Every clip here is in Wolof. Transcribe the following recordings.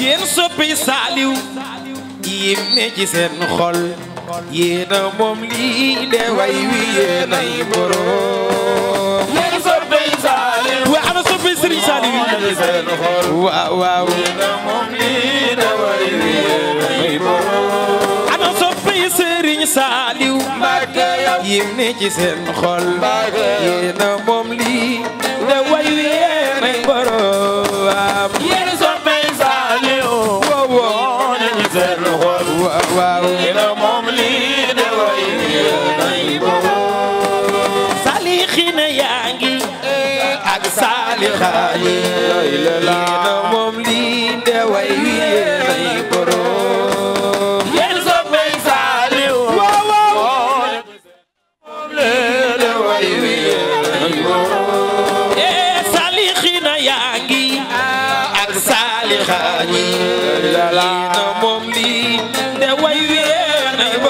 yéen soppey saaliw yéeme ci ci seen xol yéena moom lii way wi yéenay borom ak saalixa yi la moom lii de way wi nay borom yéen soppey saaliw waaw waaw moom de way wi nay borom ee saalixina yaa ngi ak saalixa yi la moom lii de way wi nay borom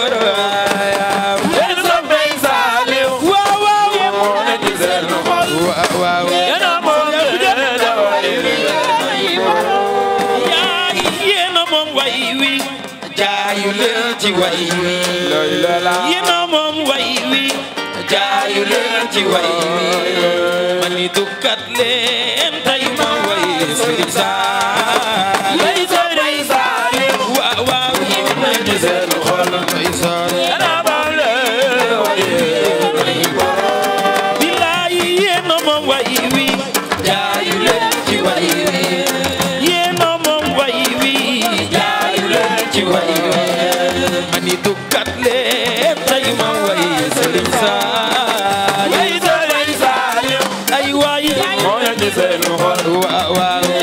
ci way wi yéena moom way jaayu leen ci way wi mani leen tay ma way Sëriñ Saaliw way Sëriñ Saaliw waaw waaw yéena dukkat leen tey ma way sëriñ Saliou ay waay moo ñu seen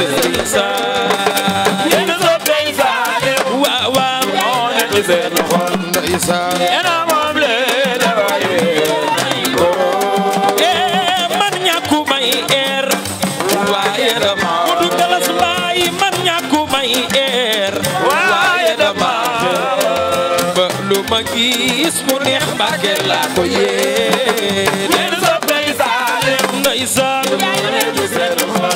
Serigne Saliou yéen soppeeku Saliou waaw waaw moo nekk seen xol ndeysaan yéen a moom leen a waaye man ñàkku may eer waaye dama ku du galas mbaay man ñàkku may eer waaye dama ba lu ma gis mu neex Mbàkke laa ko yéen yéen soppeeku Saliou ndeysaan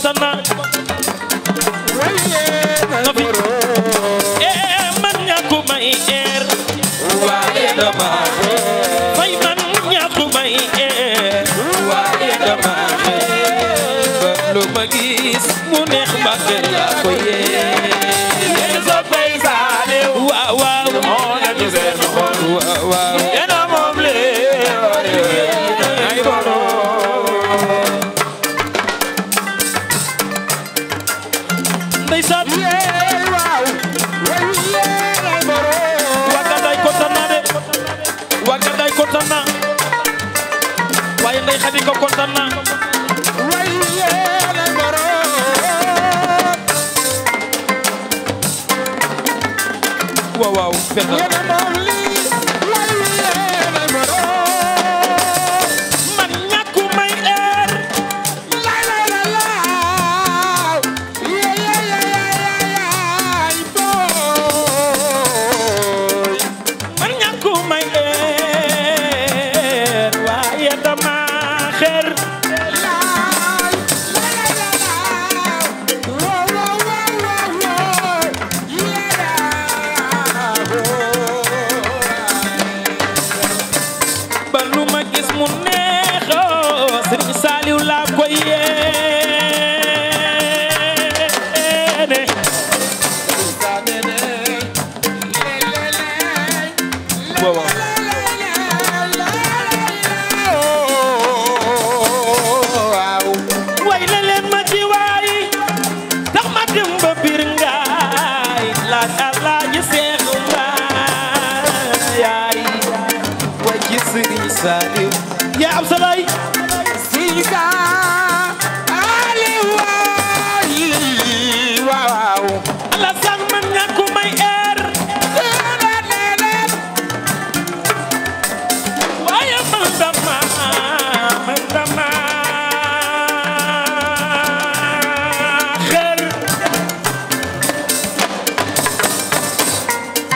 Santana waaw waaw moo nekk benn waaw waaw yéen a moom lee ay bono ndeysaan waaw ay bono waggaday kontaan naa de waggaday kontaan naa waaye ndey xadi ko kontaan naa Fernando. laa koy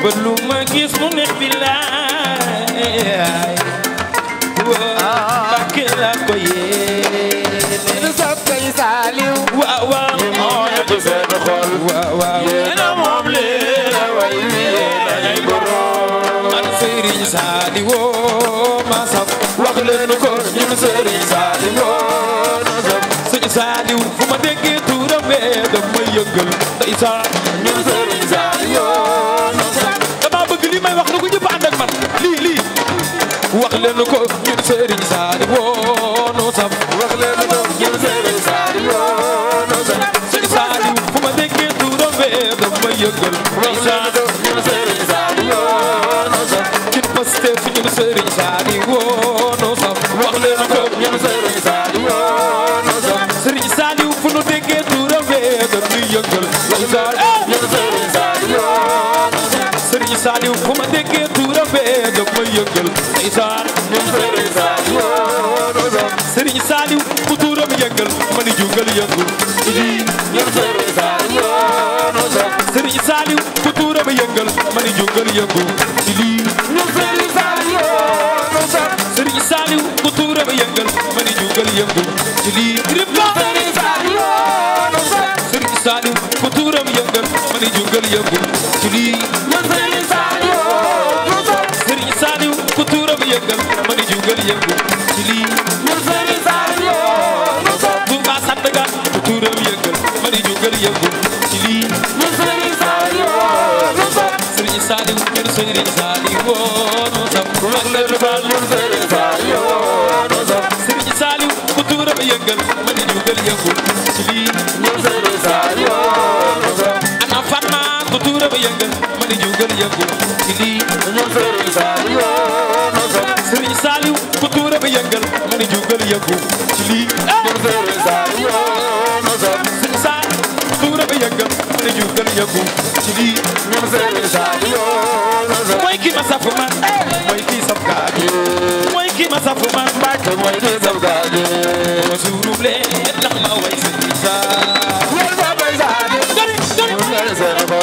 ba lu ma gis mu neex bi laay waa ke la ko yéene soppay Saliw waaw waaw moo nekk seen xol waaw way yéena ay borom man Sëriñ Saliw ma saf wax leen ko ñun Sëriñ Sëriñ Saliw fu ma déggee turam bee daf may yëngal ndeysaan ñun may wax na ko ñëpp ànd ak man lii lii wax leen ko ñun sëriñ saali woo noo saf wax leen ko ñun sëriñ saali woo noo saf may yëngal wax leen ko ñun sëriñ saali woo noo saf kin paste fu ñun sëriñ saali woo noo saf wax leen ko Saliou fu ma déggee tuuram bee daf ma yëngal ndeysaan Serigne Saliou ma ni jungal yëngal Sëriñ Saliou nu sam Sëriñ Saliou Sëriñ Saliou nu sam Sëriñ Saliou ku tuuram yëngal ma di jugal yëngul ci lii Sëriñ Saliou nu sam ana Fatma ku mooy ki ma saf man mooy ki saf gaañu mooy ki ma saf man Mbàkke mooy ki saf gaañu ma suurub leen ndax ma way si sa wal ma bay sa de dori dori sa ba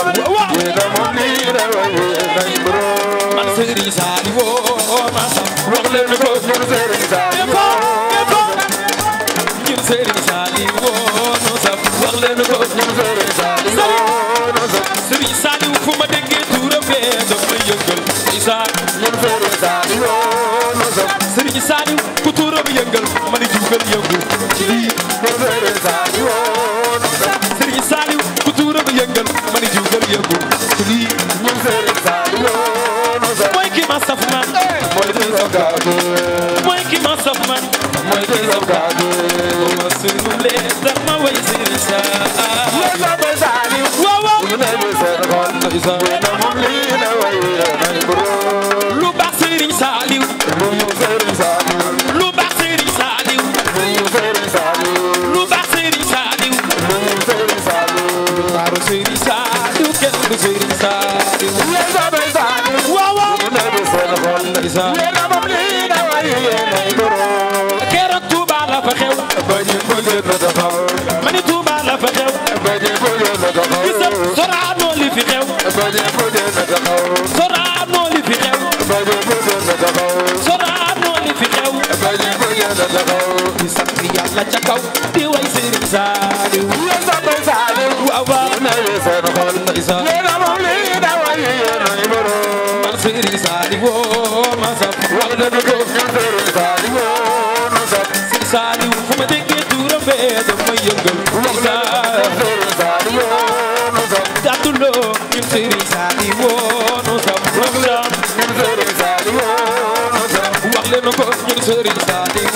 ye da mo ni da wa ye da bro man Sëriñ Saaliw ma saf wax leen ko ñu sëriñ ci saani ku tuuram yëngal ma ni juugal yëngu sëriñ saani ku tuuram yëngal ma ni juugal yëngu mooy ki ma saf man mooy ki ma saf man mooy ki saf man ma sunum lee tax ma way sëriñ saani waaw waaw la taxaw ma ni Touba la fa xew baje bëgg la taxaw bisab Sorano li fi xew baje bëgg la taxaw Sorano li fi xew baje bëgg la taxaw Sorano li fi xew baje bëgg la taxaw di sant Yàlla ca kaw di way Serigne Saliou ya sa bay Saliou waaw waaw na ye seen xol isa le na mo li da way ye na iboro man Serigne Saliou oh, ma sa wax na do Serigne Saliou ma sa Saliou yëngal Moussa gàdduloo ñun sëriñ Saali woonu sam Moussa wax leen ko ñun sëriñ Saali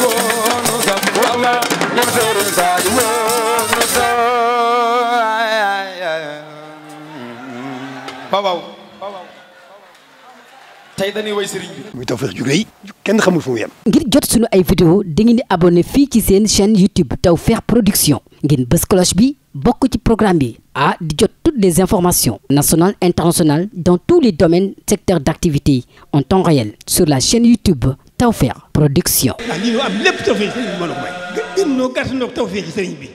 tey dañuy woy sëriñ bi. muy Tawfekh jugee yi kenn xamul fu mu yem. ngir jot sunu ay vidéo dangeen di abonné fii ci seen chaîne YouTube Tawfekh Production ngeen bës cloche bi bokk ci programme bi ah di jot toutes les informations nationales internationales dans tous les domaines secteurs d'activité en temps réel sur la chaîne YouTube Tawfekh Production. ah